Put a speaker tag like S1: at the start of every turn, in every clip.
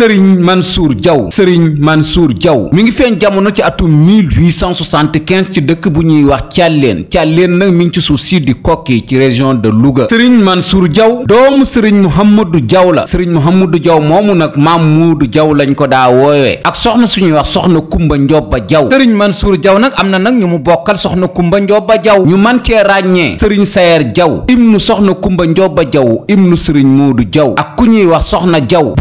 S1: sëriñ Mansour Diaw sëriñ Mansour Diaw mi ngi feeñ jamono ci atum 1875 ci dëkk bu ñuy wax càlleen càlleen nag mi ngi ci suuf si di kokki ci région de Louga sëriñ Mansour Diaw doomu sëriñ Mouhamadou Diaw la sëriñ Mouhamadou Diaw moomu nag maam Muudu Diaw lañ ko daa woowee ak soxna su ñuy wax soxna Kumba Njoba Diaw sëriñ Mansour Diaw nag am na nag ñu mu bokkal soxna Kumba Njoba jaw ñu man cee ràññee sëriñ Sayer Diaw ibnu soxna Kumba Njoba Diaw ibnu sëriñ Muudu Diaw ak ku ñuy wax soxna Diaw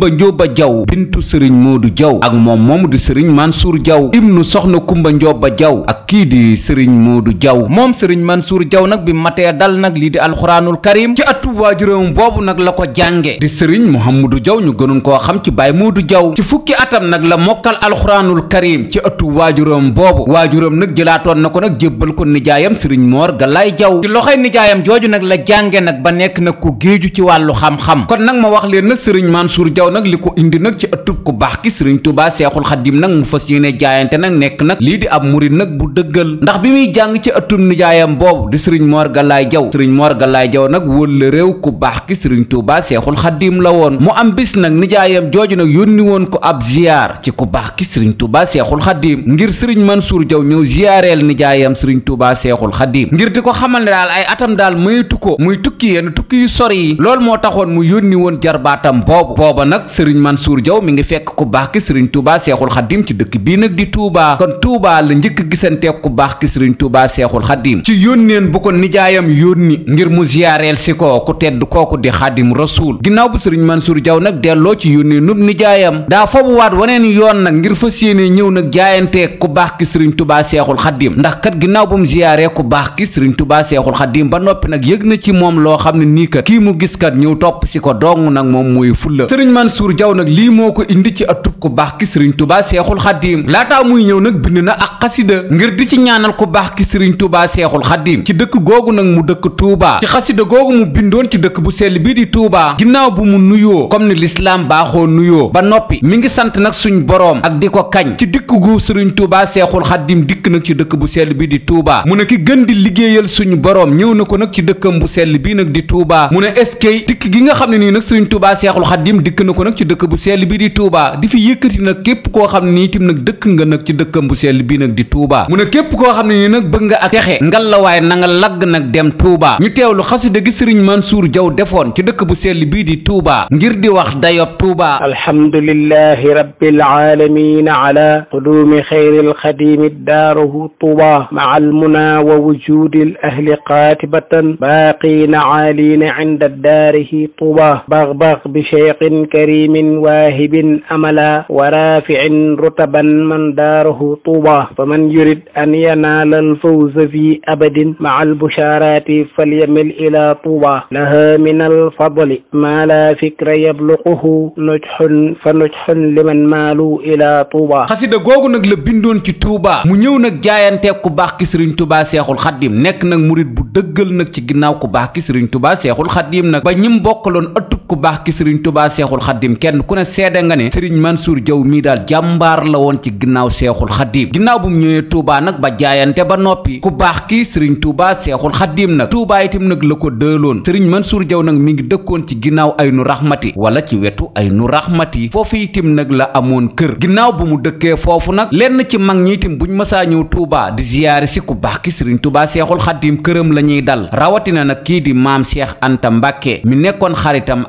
S1: kumba njóoba jaw bintu sëriñ moodu jaw ak moom moomu di sëriñ mansuur jaw ibnu soxna kumba njóoba jaw ak kii di sëriñ du jaw moom sëriñ mansuur jaw nag bi matee dal nag lii di alxuraanul karim ci atu waajuram boobu nag la ko jànge di sëriñ muhammadu jaw ñu gënoon koo xam ci baay moodu jaw ci fukki atam nag la mokkal alxuraanul karim ci atu waajuram boobu waajuram nag jëlaatoon na ko nag jébbal ko nijaayam sëriñ moor galaay jaw ci loxoy nijaayam jooju nag la jànge nag ba nekk nag ku géeju ci wàllu xam-xam kon nag ma wax leen nag sëriñ mansuur jaw loolu nag li ko indi nag ci ëttub ku baax ki sëriñ tubaa seexul xaddim nag mu fas yéene jaayante nag nekk nag lii di ab murit nag bu dëggal ndax bi muy jàng ci ëttub nijaayam boobu di sëriñ moor galaay jaw sëriñ moor galaay jaw nag wëlla réew ku baax ki sëriñ tubaa seexul xaddim la woon mu am bis nag nijaayam jooju nag yónni woon ko ab ziyaar ci ku baax ki sëriñ tubaa seexul xaddim ngir sëriñ mansuur jaw ñëw ziyaareel nijaayam sëriñ tubaa seexul xaddim ngir di ko xamal ne daal ay atam daal maytu ko muy tukki yenn tukki yu sori yi loolu moo taxoon mu yónni woon jarbaatam boobu booba nag nag man suur Diaw mi ngi fekk ku baax ki sëriñ Touba Seexul Xaddim ci dëkk bii nag di Touba kon Touba la njëkk gisante ku baax ki sëriñ Touba Seexul Xaddim ci yónneen bu ko nijaayam yónni ngir mu ziyaareel si ko ku tedd kooku di Xaadim Rasuul ginnaaw bu sëriñ Mansour Diaw nag delloo ci yónneenub nijaayam daa foobu waat yoon nag ngir fas yéene ñëw nag jaayantee ku baax ki sëriñ Touba Seexul Xaddim ndax kat ginnaaw bu mu ziyaaree ku baax ki sëriñ Touba Seexul Xaddim ba noppi nag yëg na ci moom loo xam ne nii kat kii mu gis kat ñëw topp si ko dong nag moom muy fulla Mansour Diaw nag lii moo ko indi ci atub ku baax ki sëriñ tubaa seexul xaddiim laataa muy ñëw nag bind na ak xasida ngir di ci ñaanal ku baax ki sëriñ tubaa seexul xaddiim ci dëkk googu nag mu dëkk tuubaa ci xasida googu mu bindoon ci dëkk bu sell bii di tuubaa ginnaaw bu mu nuyoo comme ni lislaam baaxoo nuyoo ba noppi mi ngi sant nag suñ boroom ak di ko kañ ci dikk gu sëriñ tubaa seexul xaddiim dikk nag ci dëkk bu sell bi di tuubaa mu ne ki gën di liggéeyal suñu boroom ñëw na ko nag ci dëkkam bu sell bii nag di tuubaa mu ne eskay dikk gi nga xam ne nii nag sëriñ tubaa seexul xaddiim dikk na ko ko nag ci dëkk bu sell bi di Touba di fi yëkkati nag képp koo xam ne nii tim nag dëkk nga nag ci dëkkam bu sell bi nag di Touba mu ne koo xam ne nii nag bëgg nga ak texe ngalawaay na nga lagg nag dem Touba ñu teewlu xasida gi Sëriñ Mansour jaw defoon ci dëkk bu sell bii di Touba ngir di wax
S2: dayob Touba alhamdulillahi rabbil alamin ala qudumi xayril xadimi daaruhu Touba maa almuna wa wujudi ahli qaatibatan baaqiina aaliina inda daarihi Touba bax bax bi cheikhin karim karimin waahibin amala wa rafiin rutaban man daarahu tuuba fa man yurid an yanaala alfawza fi abadin maca albusharati falyamil ila tuuba laha min alfadli ma la fikra yabluquhu nujxun fa nujxun liman maalu ila tuuba
S1: xasida googu nag la bindoon ci tuuba mu ñëw nag jaayantee ku baax ki sëriñ tuuba seexul xaddim nekk nag murid bu dëggal nag ci ginnaaw ku baax ki sëriñ tuuba seexul xaddim nag ba ñim bokkaloon ëttub ku baax ki sëriñ tuuba seexul xaddim xaddim kenn ku ne seede nga ne sëriñ Mansour Diaw mii daal jàmbaar la woon ci ginnaaw seexul xaddim ginnaaw bu mu ñëwee Touba nag ba jaayante ba noppi ku baax ki sëriñ Touba seexul xaddim nag Touba itam nag la ko dëloon sëriñ Mansour jaw nag mi ngi dëkkoon ci ginnaaw ay nu raxmati wala ci wetu ay nu raxmati foofu itam nag la amoon kër ginnaaw bu mu dëkkee foofu nag lenn ci mag ñi bu ñu masaa ñëw tuubaa di ziyaare si ku baax ki sëriñ Touba seexul këram la ñuy dal rawatina nag kii di maam Cheikh Anta Mbacke mi nekkoon xaritam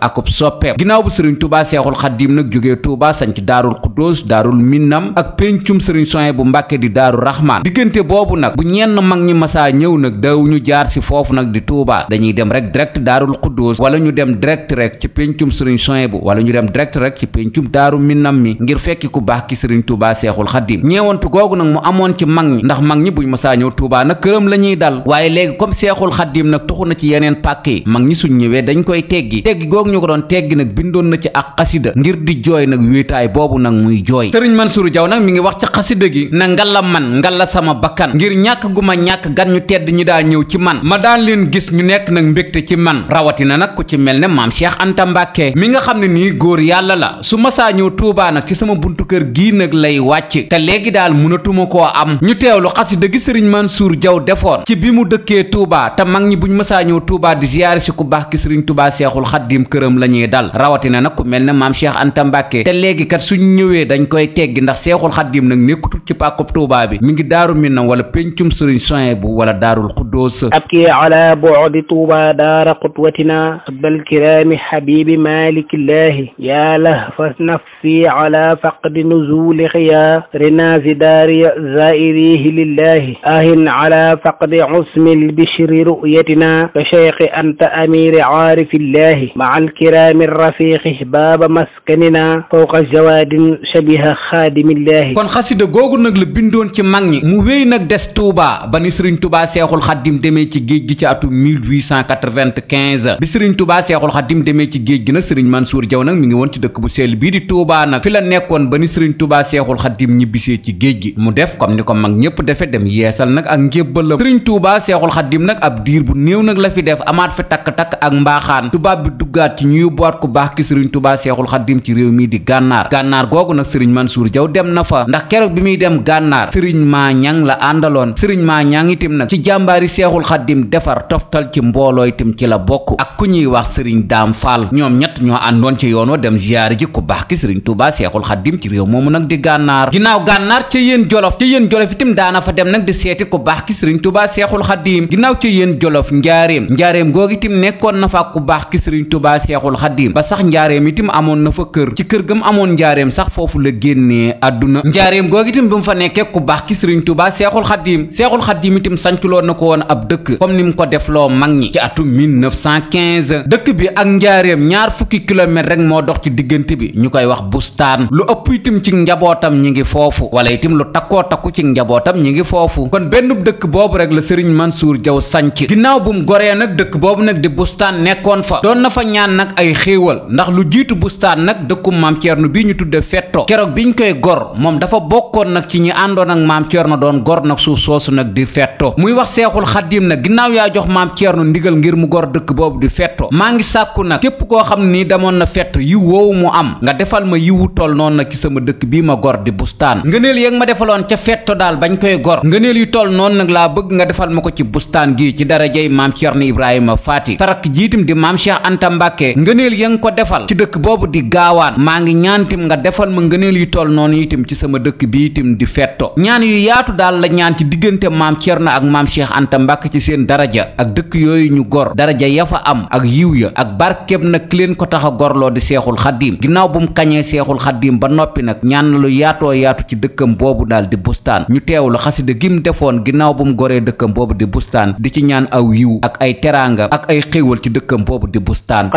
S1: Touba Seexul Xaddiim nag jógee Touba sanc daarul Xuddoos daarul Minnam ak péncum Sëriñ Sohaybu bu Mbàkke di daaru Rahmaan diggante boobu nag bu ñenn mag ñi masaa ñëw nag daawuñu jaar si foofu nag di Touba dañuy dem rek direct daarul Xuddoos wala ñu dem direct rek ci péncum Sëriñ Sohaybu bu wala ñu dem direct rek ci péncum daaru Minnam mi ngir fekki ku baax ki Sëriñ Touba Seexul Xaddiim ñeewantu googu nag mu amoon ci mag ñi ndax mag ñi buñ masaa ñëw Touba nag këram la ñuy dal waaye léegi comme Seexul Xaddiim na ci yeneen pàkk yi mag ñi suñ ñëwee dañ koy teggi teggi googu ñu ko doon teggi nag bindoon na ci ak xasida ngir di jooy nag wéetaay boobu nag muy jooy sëriñ Mansour Diaw nag mi ngi wax ci xasida gi na ngala man la sama bakkan ngir ñàkk gu ma ñàkk gan ñu tedd ñi daa ñëw ci man ma daan leen gis ñu nekk nag mbégte ci man rawatina nag ku ci mel ne maam Cheikh Anta Mbàkke mi nga xam ne nii góor yàlla la su masaa ñëw Tuubaa nag ci sama buntu kër gii nag lay wàcc te léegi daal mënatuma koo am ñu teewlu xasida gi sëriñ man suur jaw defoon ci b mu dëkkee Tuubaa te mag ñi buñ masaa ñëw Tuubaa di ziyaare ku baax ki sëriñ mel na maam Cheikh Anta Mbàkke te léegi kat suñ ñëwee dañ koy teggi ndax seexul xaddim nag nekkutul ci pàkkub Tuubaa bi mi ngi daaru Minam wala péncum sëriñ soin bu wala daarul xuddoos
S2: abki ala bu'di Tuubaa daara qudwatina bal kiraami habibi malikillahi ya lahfa nafsi ala faqdi nuzuli xiya rina zidaari zairihi lillahi ahin ala faqdi usmil bishri ru'yatina ka cheikhi anta amiri aarifillahi ma alkiraami rafiqi baaba maskanina fawqa jawaadin shabiha xaadimillahi kon
S1: xasida googu nag la bindoon ci mag ñi mu wéy nag des Touba ba ni Serigne Touba Seexul Xaddim demee ci géej gi ci atum 1895 bi Serigne Touba Seexul Xaddim demee ci géej gi nag Serigne Mansour Diaw nag mi ngi woon ci dëkk bu sell bii di Touba nag fi la nekkoon ba ni Serigne Touba Seexul Xaddim ñibbisee ci géej gi mu def comme ni ko mag ñëpp defe dem yeesal nag ak njébbalam Serigne Touba Seexul Xaddim nag ab diir bu néew nag la fi def amaat fi takk-takk ak mbaaxaan bi duggaat ci ñu yóbbuwaat ku baax Touba Seexul Xaddim ci réew mii di gànnaar gànnaar googu nag sëriñ Mansour Diaw dem na fa ndax keroog bi muy dem gànnaar sëriñ maa ñang la àndaloon sëriñ maa ñang itam nag ci jàmbaari Seexul Xaddim defar toftal ci mbooloo itam ci la bokk ak ku ñuy wax sëriñ Daam Fall ñoom ñett ñoo andoon ci yoon wa dem ziyaare ji ku baax ki sëriñ Touba Seexul Xaddim ci réew moomu nag di gànnaar ginnaaw gànnaar ca yéen jolof ca yéen jolof itam daana fa dem nag di seet ku baax ki sëriñ Touba Seexul Xaddim na fa ku baax ki sëriñ Touba Seexul Xaddim ba sax itam amoon na fa kër ci kër gam amoon njaareem sax foofu la génnee àdduna njaareem googu itam ba mu fa nekkee ku baax ki sëriñ Tuubaa seexul xaddiim seexul xaddiim itam sanculoon na ko woon ab dëkk comme ni mu ko defloo mag ñi ci atum 1915 dëkk bi ak njaareem ñaar fukki kilomètre rek moo dox ci diggante bi ñu koy wax bustaan lu ëpp itam ci njabootam ñi ngi foofu wala itam lu takkoo takku ci njabootam ñi ngi foofu kon benn dëkk boobu rek la sëriñ Mansour Diaw sanc ginnaaw bu mu goree nag dëkk boobu nag di bustaan nekkoon fa na fa wetu bustaan nag dëkkum maam Thierno bii ñu tudde fetto keroog biñ koy gor moom dafa bokkoon nag ci ñi àndoon ak maam Thierno doon gor nag suuf soosu nag di fetto muy wax seexul xaddiim na ginnaaw yaa jox maam Thierno ndigal ngir mu gor dëkk boobu di fetto maa ngi sàkku nag képp koo xam ni damoon na fett yiw woowu mu am nga defal ma yiwu toll noonu nag ci sama dëkk bii ma gor di bustaan ngëneel yéeg ma defaloon ca fetto daal bañ koy gor ngëneel yi toll noonu nag laa bëgg nga defal ma ko ci bustaan gii ci darajey maam Thierno Ibrahima Faati sarak jiitim di maam Cheikh Anta ngëneel ya nga ko defal ci dëkk boobu di gaawaan maa ngi ñaantim nga defal ma ngëneel yu toll noonu itam ci sama dëkk bi itam di fetto ñaan yu yaatu daal la ñaan ci diggante maam Cerno ak maam Cheikh Anta Mbàkke ci seen daraja ak dëkk yooyu ñu gor daraja ya fa am ak yiw ya ak barkeb nag ki leen ko tax a gorloo di seexul xaddiim ginnaaw bu mu kañee seexul xaddiim ba noppi nag ñaan lu yaatoo yaatu ci dëkkam boobu daal di bustaan ñu teewlu xasida gim defoon ginnaaw bu mu goree dëkk boobu di bustaan di ci ñaan aw yiw ak ay teraanga ak ay xéewal ci dëkkam boobu di bustaan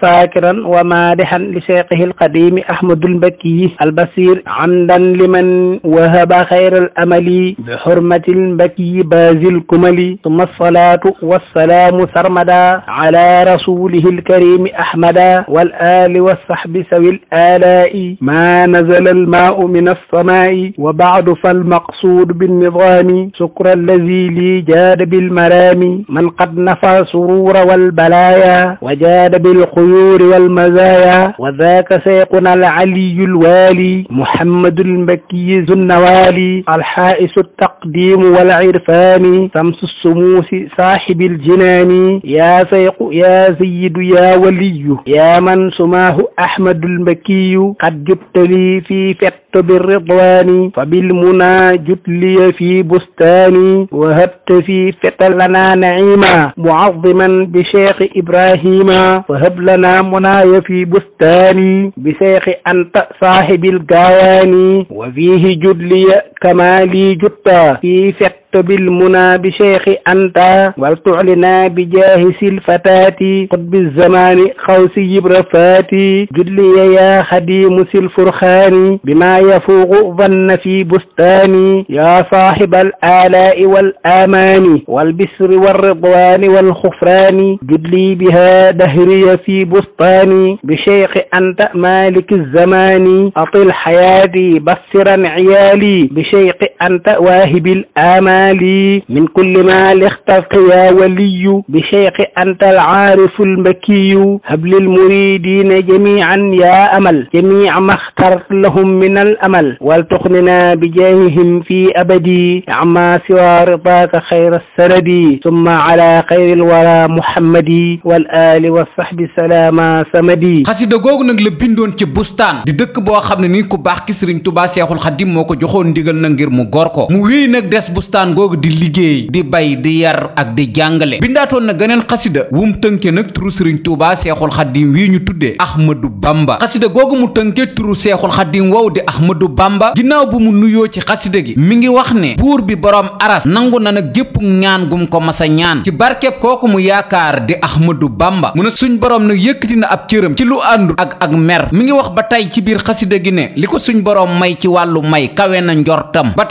S2: saakiran wa maadihan li cheikhihi alqadimi ahmadul mbakkiyi albasir amdan liman wahaba xayral amali bi xurmatil mbakkiyi basil kumali summa alsalatu wassalaamu sarmada ala rasulihi alkarimi ahmada wal ali wasahbi sawi alaalai ma nazala almaau min alsamai wa baadu falmaqsuud binnidami sukra allazi li jaada bilmarami man qad nafa surura walbalaya wa jaada bil والخيور والمزايا وذاك شيخنا العلي الوالي محمد المكي ذو النوالي الحائس التقديم والعرفان شمس السموس صاحب الجنان يا شيخ يا سيد يا ولي يا من سماه أحمد المكي قد جبت لي في فت بالرضوان فبالمنى جت لي في بستاني وهبت في فتى لنا نعيما معظما بشيخ إبراهيم وهب لنا مناي في بستاني بشيخ أنت صاحب الجاياني وفيه جدلي كمالي جتا في فقه bil muna bi cheikhi anta wal tuxlina bi jaahi sil fataati xutbi zamaani xaw si yibra faati julliya yaa xadiimu sil furxaani bima yafuuqu vanna fi bustaani yaa saaxibal aalaai wal aamaani wal bisri wal ridwaani wal xufraani julli biha dahriya fi bustaani bi cheikhi anta maliki zamaani atil xayaati bassiran ciyaali bi cheikhi anta waahibil aamaani maali min kulli ma lixtafq yaa waliyu bi cheikhi anta al aarifu al makiyu hablil muridina jamian yaa amal jamic maxtar lahum min al amal wal tuxnina bi jaahihim fi abadi ama siwa ridaaka xayra sanadi summa ala xayri al wara muhammadi wal ali wa sahbi salaama samadi xasida
S1: googu nag la bindoon ci bustaan di dëkk boo xam ne ni ku baax ki sëriñ tubaa seexul xadim moo ko joxoon ndigal na ngir mu gor ko mu wéy nag des bustaan njabootam googu di liggéey di bay di yar ak di jàngale bindaatoon na geneen xasida wum tënke nag turu sëriñ tuuba seexul xaddim wii ñu tuddee ahmadu bamba xasida googu mu tënke turu seexul xaddim wow di ahmadu bamba ginnaaw bu mu nuyoo ci xasida gi mi ngi wax ne buur bi boroom aras nangu na nag gépp ñaan gum ko masa ñaan ci barkeb kooku mu yaakaar di ahmadu bamba mu ne suñ boroom nag yëkkati na ab cëram ci lu àndu ak ak mer mi ngi wax ba tey ci biir xasida gi ne li suñ boroom may ci wàllu may kawe na njortam ba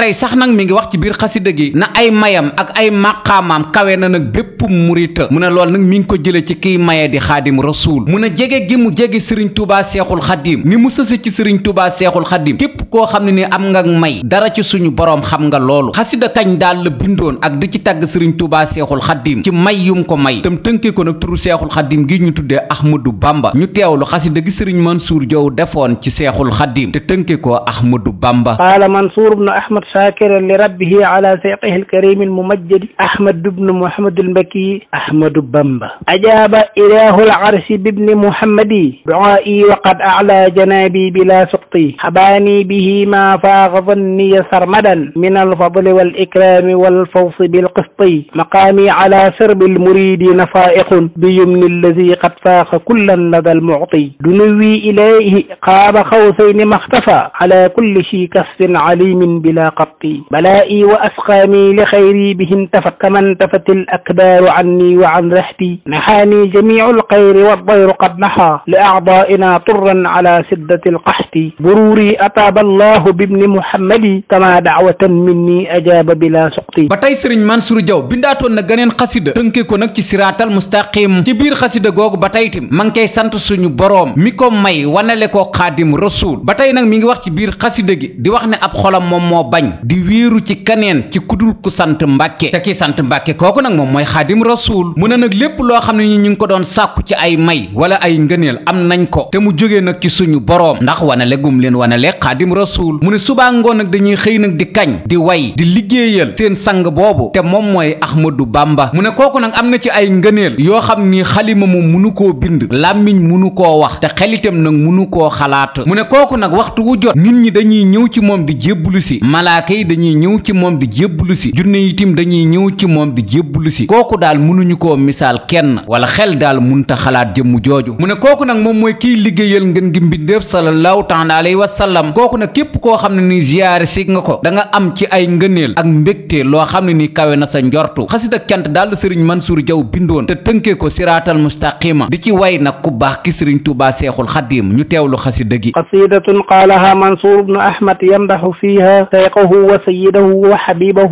S1: na ay mayam ak ay màqaamaam kawe na nag bépp murita mu ne lool nag mi ko jële ci kiy maye di xaadim rasuul mu ne jege gi mu jege sëriñ tubaa seexul xadim ni mu sëse ci sëriñ tubaa seexul xadim képp koo xam ne ni am nga may dara ci suñu boroom xam nga loolu xasida kañ daal la bindoon ak di ci tàgg sëriñ tubaa seexul xadim ci may yum ko may tam tënkee ko nag turu seexul xadim gi ñu tuddee ahmadu bamba ñu teewlu xasida gi sëriñ mansuur jow defoon ci seexul xadim te tënkee ko ahmadu bamba
S2: qaala mansuur ibnu ahmad shaakir li rabbihi ala tariqi alkarimi almumajjadi ahmad bnu muhammad almbaki ahmadu bamba ajaaba ilahu alarsi bibni muhammadi duaai wa qad ala janabi bila suqti habaani bihi ma faaqa zanniya sarmadan min alfadli walikrami walfawsi bilqisti maqaami ala sirbi almuridi nafaiqun biyumni alladi qad faaqa kullan lada almucti dunuwi ilayhi qaaba qawsayni maxtafa ala kulli shi kasfin alimin bila qatti balaa'i wa asqa أقدامي لخيري بهن تفكما انتفت الأكبار عني وعن رحبي نحاني جميع الخير والضير قد نحى لأعضائنا طرا على سدة القحط بروري أتاب الله بابن محمد كما دعوة مني أجاب بلا سقطي
S1: ba tey sëriñ Mansour Diaw bindaatoon na ganeen xasida tënkee ko nag ci siraatal mustaqim ci biir xasida googu ba tey tim ma ngi koy sant suñu boroom mi ko may wanale ko xaadim rasul ba tey nag mi ngi wax ci biir xasida gi di wax ne ab xolam moom moo bañ di wéeru ci kaneen ci ku dul ku sant mbàkke te sant mbàkke kooku nag moom mooy xaadim rasuul mu ne nag lépp loo xam ne ñi ñu ngi ko doon sàkku ci ay may wala ay ngëneel am nañ ko te mu jógee nag ci suñu boroom ndax wanale gum leen wane wanale xaadim rasuul mu ne subaa ngoon nag dañuy xëy nag di kañ di way di liggéeyal seen sang boobu te moom mooy ahmadu bamba mu ne kooku nag am na ci ay ngëneel yoo xam ni xalima mu mënu koo bind làmmiñ munu koo wax te xelitam nag munu koo xalaat mu ne kooku nag waxtu wu jot nit ñi dañuy ñëw ci moom di jébbulu si malaaka yi dañuy ñëw ci moom di jébbulu jébbalu si junne itim dañuy ñëw ci moom di jébbalu si kooku daal mënuñu koo misaal kenn wala xel daal munta xalaat jëmm jooju mu ne kooku nag moom mooy kiy liggéeyal ngeen gi mbindeef sallallahu taala alayhi wa sallam kooku nag képp koo xam ne ni ziyaare si nga ko da nga am ci ay ngëneel ak mbégte loo xam ne ni kawe na sa njortu xasit ak cant daal sëriñ Mansour Diaw bindoon te tënkee ko siraatal mustaqima di ci way nag ku baax ki sëriñ Tuubaa Seexul Xadiim ñu teewlu xasida gi
S2: qasidatun qaalaha Mansour ibnu Ahmad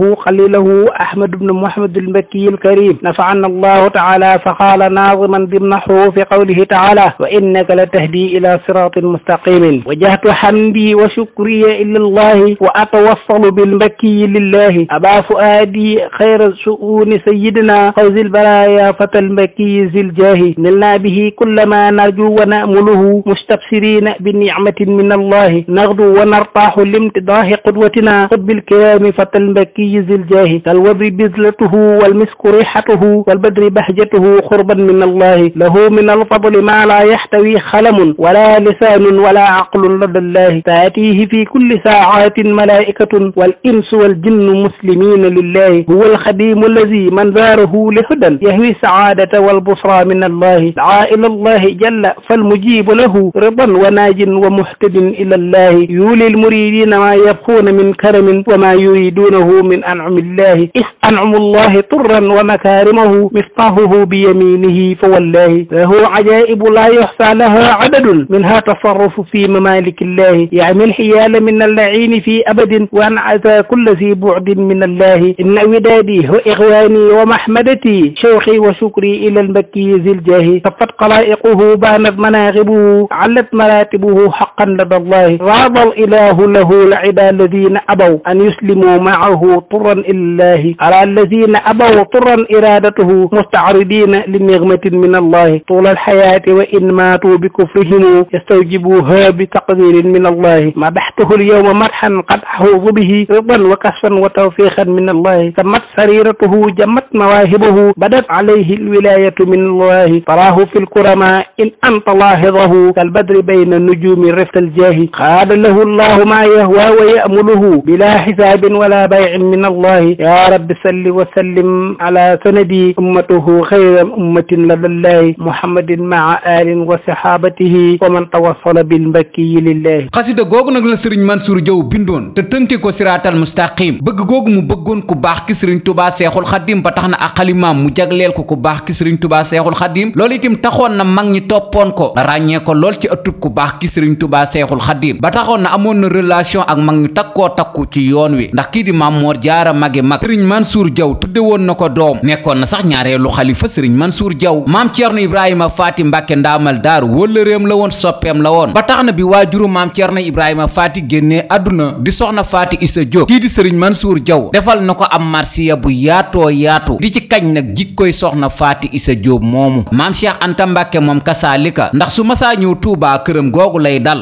S2: أبو خليله أحمد بن محمد المكي الكريم نفعنا الله تعالى فقال ناظما ضمن حروف قوله تعالى وإنك لتهدي إلى صراط مستقيم وجهت حمدي وشكري إلا الله وأتوصل بالمكي لله أبا فؤادي خير شؤون سيدنا فوز البرايا فتى المكي ذي الجاه نلنا به كل ما نرجو ونأمله مستبشرين بنعمة من الله نغدو ونرتاح لامتداح قدوتنا قد بالكرام فتى المكي مميز الجاه كالوبر بذلته والمسك ريحته والبدر بهجته قربا من الله له من الفضل ما لا يحتوي خلم ولا لسان ولا عقل لدى الله تأتيه في كل ساعات ملائكة والإنس والجن مسلمين لله هو الخديم الذي من زاره لهدى يهوي السعادة والبصرى من الله دعا إلى الله جل فالمجيب له رضا وناج ومحتد إلى الله يولي المريدين ما يبقون من كرم وما يريدونه من من أنعم الله إذ أنعم الله طرا ومكارمه مصطاهه بيمينه فوالله له عجائب لا يحصى لها عدد منها تصرف في ممالك الله يعني الحيال من اللعين في أبد وأن عزى كل ذي بعد من الله إن ودادي هو إغواني ومحمدتي شوقي وشكري إلى المكي ذي الجاه صفت قلائقه بانت مناغبه علت مراتبه حق قلب الله وعظ الإله له لعب الذين أبوا أن يسلموا معه طرا لله على الذين أبوا طرا إرادته مستعرضين لنغمة من الله طول الحياة وإن ماتوا بكفرهم يستوجبوها بتقدير من الله مدحته اليوم مدحا قد أحوظ به رضا وكسفا وتوفيقا من الله تمت سريرته جمت مواهبه بدت عليه الولاية من الله تراه في الكرماء إن أنت لاحظه كالبدر بين النجوم الرفق تحت الجاه قاد له الله ما يهوى ويأمله بلا حساب ولا بيع من الله يا رب صل وسلم على سندي أمته خير أمة لدى الله محمد مع آل وصحابته ومن توصل بالمكي لله
S1: xasida googu nag la sëriñ Mansour Diaw bindoon te tënke ko siraatal mustaqim bëgg googu mu bëggoon ku baax ki sëriñ tubaa seexul xadim ba tax na ak xalimaam mu jagleel ko ku baax ki sëriñ tubaa seexul xadim loolu itam taxoon na mag ñi toppoon ko ràññee ko lool ci ëttub ku baax ki sëriñ tubaa Tuubaa Seexul Xadiim ba taxoon na amoon na relation ak mag ñu takkoo takku ci yoon wi ndax kii di Maam Moor Jaara magi mag sëriñ Mansuur Jaw tudde woon na ko doom nekkoon na sax ñaareelu xalifa sëriñ Mansuur Jaw maam Ceerno Ibrahima Faati Mbàkke ndaamal daaru wëllëreem la woon soppeem la woon ba tax na bi waajuru maam Ceerno Ibrahima Faati génnee àdduna di soxna Faati Isa Jóob kii di sëriñ suur Jaw defal na ko am marsiya bu yaatoo yaatu di ci ka nag jikkoy soxna Faati Isa Jóob moomu maam Cheikh Anta Mbàkke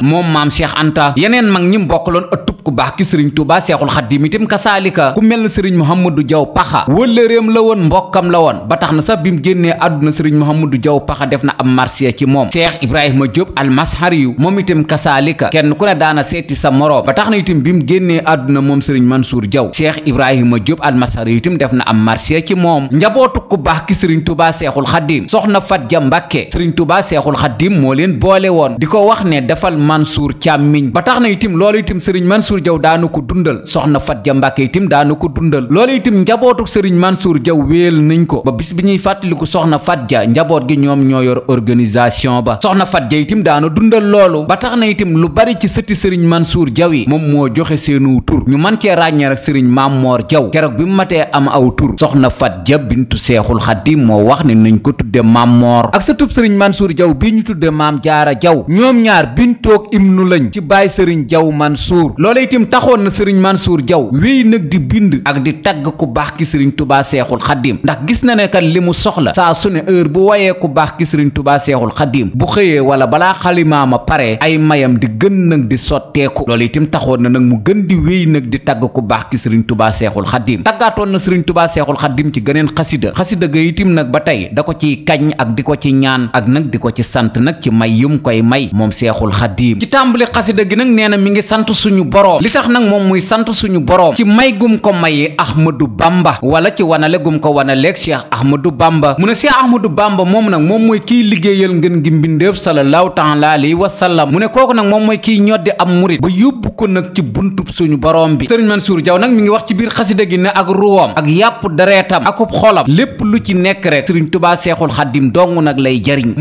S1: defal moom maam Cheikh Anta yeneen mag ñi mbokkaloon ëttub ku baax ki sëriñ la woon mbokkam la woon ba tax na sax bi mu génnee àdduna sëriñ Mouhamadou Diaw Paxa def na am marsiya ci moom Cheikh Ibrahima Diop almashari yu moom itam kasaalika kenn ku ne daana seeti sa moroom ba tax na itam bi mu génnee àdduna moom sëriñ Mansour Diaw Cheikh Ibrahima Diop almashari yu itam def na am marsiya ci moom njabootu ku baax ki sëriñ Tuubaa Seexul Xadiim soxna Fat Ja Mbàkke sëriñ Tuubaa Seexul Xadiim moo leen boole woon di ko wax ne defal Mansour càmmiñ ba tax na itim loolu itim sëriñ Mansour Diaw daanu ko dundal soxna Fat Ja Mbàkke itim daanu ko dundal loolu itim njabootu ja Mansour Diaw wéel nañ ko ba soxna Fat Ja njaboot gi ñoom ñoo yor organisation ba soxna Fat Ja itim daanu dundal loolu ba tax na itim lu bari ci sëti sëriñ Mansour Diaw yi moom moo joxe seenu tur ñu man cee ràññee rek sëriñ Maam Moor Diaw keroog bi mu matee am aw tur soxna Fat Ja bintu Seexul Xadiim moo wax ne nañ ko tudde Maam Moor mook ibnu lañ ci baay sëriñ jaw mansuur lool itam taxoon na sëriñ mansuur jaw wéy nag di bind ak di tagg ku baax ki sëriñ tubaa seexul xaddiim ndax gis na ne kat li mu soxla saa su ne heure bu wayee ku baax ki sëriñ tubaa seexul xaddiim bu xëyee wala balaa xalimaama pare ay mayam di gën nag di sotteeku loolu itam taxoon na nag mu gën di wéy nag di tagg ku baax ki sëriñ tubaa seexul xaddiim taggaatoon na sëriñ tubaa seexul xaddiim ci geneen xasida xasida ga itam nag ba tey da ko ciy kañ ak di ko ci ñaan ak nag di ko ci sant nag ci may yum koy may yi ci tàmbali xasida gi nag nee na mi ngi sant suñu boroom li tax nag moom muy sant suñu boroom ci may gum ko mayi Ahmadou Bamba wala ci wanale gum ko wanaleeg Cheikh Ahmadou Bamba mu ne Cheikh Ahmadou Bamba moom nag moom mooy kiy liggéeyal ngeen gi mbindeef sallallahu taala alayhi wa sallam mu ne kooku nag moom mooy kiy ñoddi am murit ba yóbbu ko nag ci buntub suñu boroom bi Serigne Mansour jaw nag mi ngi wax ci biir xasida gi ne ak ruwam ak yàpp dereetam akub xolam lépp lu ci nekk rek Serigne Touba Seexul Xaddim dong nag lay jariñ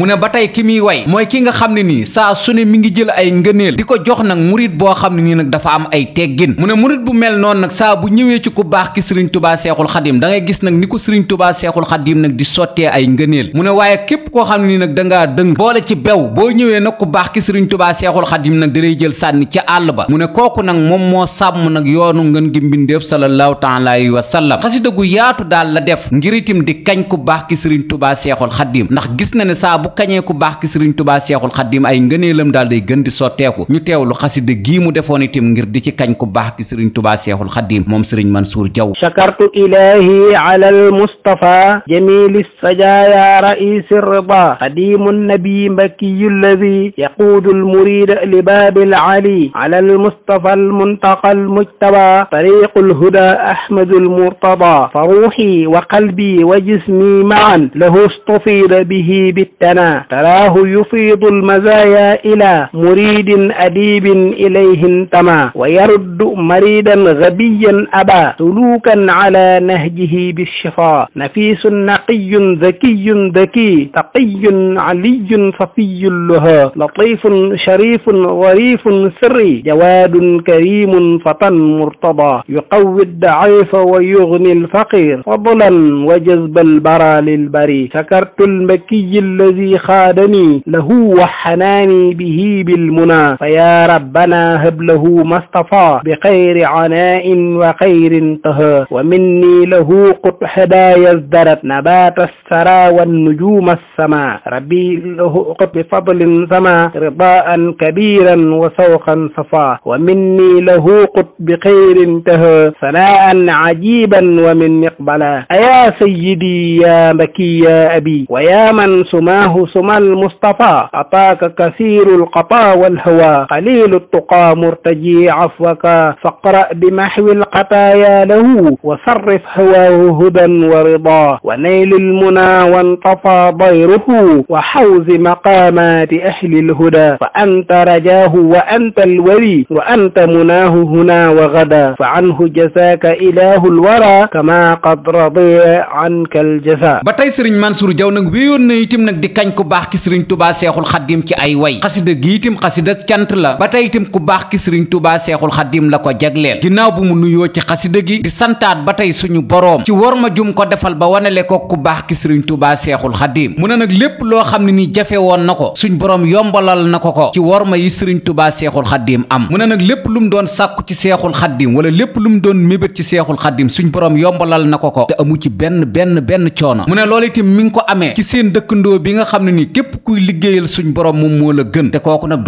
S1: ay ngëneel di ko jox nag murit boo xam ne nii nag dafa am ay teggin mu ne murit bu mel noonu nag saa bu ñëwee ci ku baax ki sëriñ tubaa seexul xadim da ngay gis nag ni ko sëriñ tubaa seexul xadim nag di sottee ay ngëneel mu ne waaye képp koo xam ne nag dangaa dëng boole ci bew boo ñëwee nag ku baax ki sëriñ tubaa seexul xadim nag dalay jël sànni ci àll ba mu ne kooku nag moom moo sàmm nag yoonu ngën gi mbindeef sallallahu taala alayhi wa sallam xasida gu yaatu daal la def ngir itam di kañ ku baax ki sëriñ tubaa seexul xadim ndax gis na ne saa bu kañee ku baax ki sëriñ tubaa seexul xadim ay ngëneelam daal day di sotteeku ñu teewlu xasida gii mu defoon itam ngir di ci kañ ku baax ki sëriñ tubaa seexul xadim moom sëriñ Mansour Diaw
S2: shakartu ilahi ala al mustafa jamili sajaya raisi rida xadimu nabi mbakiyu lladi yaquudu al murida li baabi al ali ala al mustafa al muntaqa al mujtaba tariqu al huda ahmadu al murtada fa ruuxi wa qalbi wa jismi maan lahu istufida bihi bittana taraahu yufiidu al mazaya ila muridin adibin ilayhin tama wa yaruddu maridan gabiyan aba sulukan ala nahjihi bishifa nafisun naqiyun zakiyun zaki taqiyun aliyun safiyun laha latifun sharifun zarifun sirri jawadun karimun fatan murtada yuqawi daifa wa yugni alfaqir fadlan wa jazba albara lilbari shakartu almakiyi alladi xaadani lahu wa xanaani bihi bil المنى فيا ربنا هب له ما اصطفى بخير عناء وخير انتهى ومني له قط هدايا ازدرت نبات السرى والنجوم السماء ربي له قط بفضل سما رضاء كبيرا وسوقا صفا ومني له قط بخير انتهى ثناء عجيبا ومن مقبلا أيا سيدي يا مكي يا أبي ويا من سماه سما المصطفى أطاك كثير القطار الهوى والهوى قليل التقى مرتجي عفوك فاقرأ بمحو القتايا له وصرف هواه هدى ورضا ونيل المنى وانطفى ضيره وحوز مقامات أهل الهدى فأنت رجاه وأنت الولي وأنت مناه هنا وغدا فعنه جزاك إله الورى كما قد رضي عنك الجزاء ba
S1: tey sëriñ Mansour Diaw nag wéyoon na itam nag di kañ ku baax ki sëriñ Tuubaa Seexul Xaddim ci ay way xasida gi itam xasida cant la ba tey itam ku baax ki sëriñ tubaa seexul xadim la ko jagleel ginnaaw bu mu nuyoo ci xasida gi di santaat ba tey suñu boroom ci war ma jum ko defal ba wanale ko ku baax ki sëriñ tubaa seexul xaddiim mu ne nag lépp loo xam ne nii jafe woon na ko suñ boroom yombalal na ko ko ci war ma yi sëriñ tubaa seexul xadim am mu ne nag lépp lu mu doon sàkku ci seexul xadim wala lépp lu mu doon mébét ci seexul xadim suñu boroom yombalal na ko ko te ci benn benn benn coono mu ne loolu mi ngi ko amee ci seen dëkkandoo bi nga xam ne ni képp kuy liggéeyal suñ boroom moom moo la gën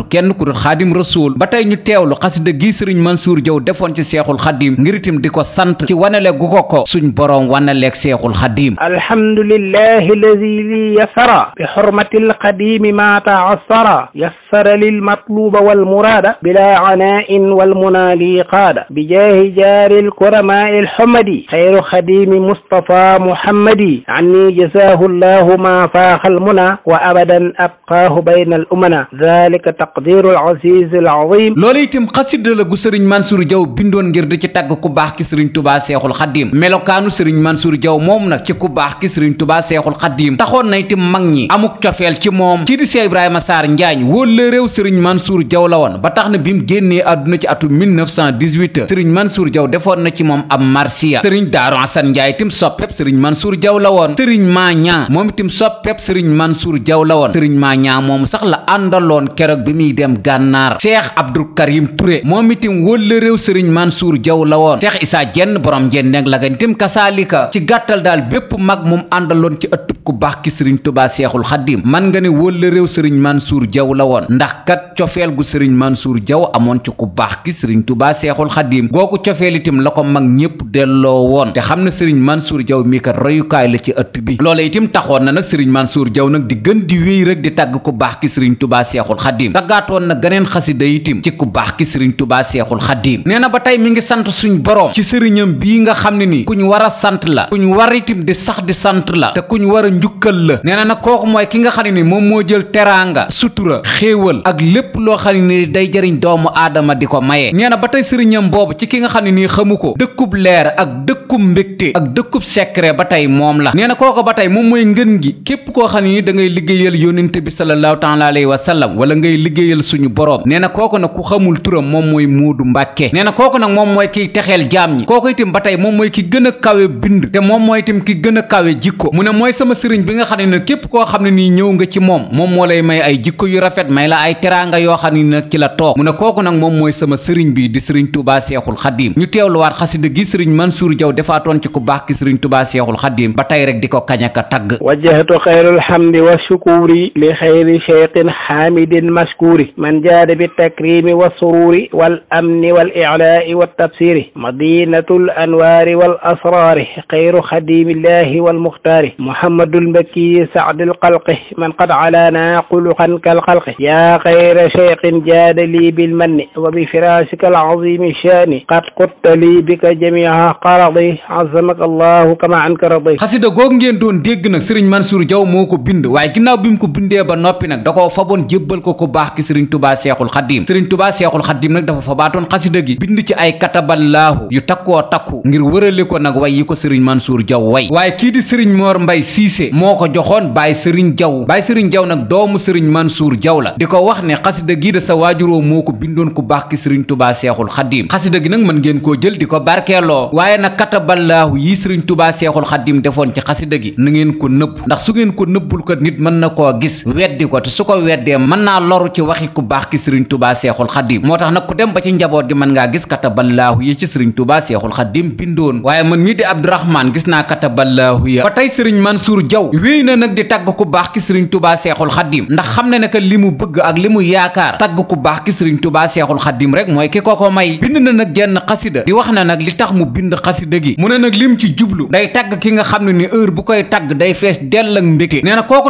S1: du kenn ku dul xaadim rasuul ba tey ñu teewlu xasida gi sëriñ Mansour Jaw defoon ci seexul xadim ngir itam di ko sant ci wanale gu ko ko suñ boroom wanaleeg seexul xadim
S2: alhamdulillahi alladi li yasara bi xurmati alqadimi ma taassara yassara lil matluba wal muraada bila anain wal munaali qaada bi jaahi jaari alkuramaai alxumadi xayru xadimi mustafa muhammadi anni jasaahu allahu ma faaxal muna wa abadan abqaahu bayna al umana dalika taqdirul azizul azim
S1: loola itam xasida la gu sëriñ Mansour Diaw bindoon ngir di ci tàgg ku baax ki sëriñ tubaa seexul xaddiim melokaanu sëriñ Mansour Diaw moom nag ci ku ki sëriñ tubaa seexul xaddiim taxoon na itam mag ñi amuk cofeel ci moom kii di Cheikh Ibrahima Sarr Njaañ wóolle réew sëriñ Mansour Diaw la woon ba tax na bi mu génnee àdduna ci atu 1918 sëriñ Mansour Diaw defoon na ci moom ab marsiya sëriñ Daaru Asan Njaay itam soppeb sëriñ Mansour Diaw la woon sëriñ Maña moom itam soppeb sëriñ Mansour Diaw la woon sëriñ Maña moom nii dem gànnaar cheikh abdou karim Touré moom itam wólla réew sëriñ Mansour la woon cheikh isaa jenn borom jenneng la gan itam kasaalika ci gàttal daal bépp mag moom àndaloon ci ëttub ku baax ki sëriñ tubaa seexul xaddim man nga ne wólla réew sëriñ suur Diaw la woon ndax kat cofeel gu sëriñ suur jaw amoon ci ku baax ki sëriñ tubaa seexul xaddim googu cofeel itam la ko mag ñépp delloo woon te xam ne sëriñ Mansour Diaw mi kat royukaay la ci ëtt bi loola itam taxoon na nag sëriñ Mansour Diaw nag di tàggaatoon na ganeen xasida yitim ci ku baax ki sëriñ tubaa seexul xaddiim nee na ba tey mi ngi sant suñ boroom ci sëriñam bii nga xam ne ni kuñ war a sant la kuñ war itim di sax di sant la te kuñ war a njukkal la nee na nag kooku mooy ki nga xam ne ni moom moo jël teraanga sutura xéewal ak lépp loo xam ne ni day jariñ doomu aadama di ko maye nee na ba tey sëriñam boobu ci ki nga xam ne nii xamu ko dëkkub leer ak dëkkub mbégte ak dëkkub secret ba tey moom la nee na kooku ba tey moom mooy ngën gi képp koo xam ne ni da ngay liggéeyal suñu borom nee na kooku nag ku xamul turam moom mooy Moodu Mbàkke nee na kooku nag moom mooy kiy texeel jaam ñi kooku itam ba tey moom mooy ki gën a kawe bind te moom mooy itam a kawe jikko mu sama sëriñ bi nga xam ne nag képp koo xam ne nii ñëw nga ci moom moom moo lay may ay jikko yu rafet may la ay teraanga yoo xam ne nag ci la toog mu ne kooku nag moom mooy sama sëriñ bi di sëriñ Tuubaa Seexul Xadiim ñu teewluwaat xasida gi sëriñ Mansuur Jaw defaatoon ci ku baax ki sëriñ Tuubaa Seexul Xadiim ba tey rek di ko kañ aka tagg
S2: wajjahtu xayrul hamdi wa shukuri li xayri cheikhin xaamidin maskur السرور من جاد بالتكريم والسرور والأمن والإعلاء والتبصير مدينة الأنوار والأسرار خير خديم الله والمختار محمد المكي سعد القلق من قد علانا قلقا كالقلق يا خير شيخ جاد لي بالمن وبفراشك العظيم الشان قد قدت لي بك جميع قرضي عظمك الله كما عنك رضي
S1: xasida goog ngeen doon dégg nag Serigne Mansour Diaw moo ko bind waaye ginnaaw bi mu ko bindee ba noppi nag da koo faboon jébbal ko ko baax baax ki sëriñ tubaa seexul xaddiim sëriñ tubaa seexul xaddiim nag dafa fa baatoon xasida gi bind ci ay kataballaahu yu takkoo takku ngir wërale ko nag way yi ko sëriñ Mansour ko joxoon Baay Sëriñ Jaw Baay Sëriñ Jaw nag doomu sëriñ Mansour Jaw la di ko sa waajuroo moo ko bindoon ku baax ki sëriñ tubaa ngeen koo jël di ko barkeeloo waaye nag kataballaahu yi sëriñ tubaa seexul xaddiim defoon ci xasida gi na ngeen ko nëbb ndax su ngeen ko nëbbul ko nit mën na koo gis weddi ko te su ko weddee mën naa loru ci ci waxi ku baax ki sëriñ tubaa seexul xadim moo tax nag ku dem ba ci njaboot gi mën ngaa gis kataballaahu yi ci sëriñ tubaa seexul xadim bindoon waaye man mii di abdourahman gis naa kataballaahu ya ba tey sëriñ mansuur jaw wéy na nag di tagg ku baax ki sëriñ tubaa seexul xadim ndax xam ne ne que li mu bëgg ak li mu yaakaar tagg ku baax ki sëriñ tubaa seexul xadim rek mooy ki ko ko may bind na nag jenn xasida di wax na nag li tax mu bind xa gi mu ne nag lim ci jublu day tagg ki nga xam ne ni heure bu koy tagg day fees dell ak mbégte nee na kooku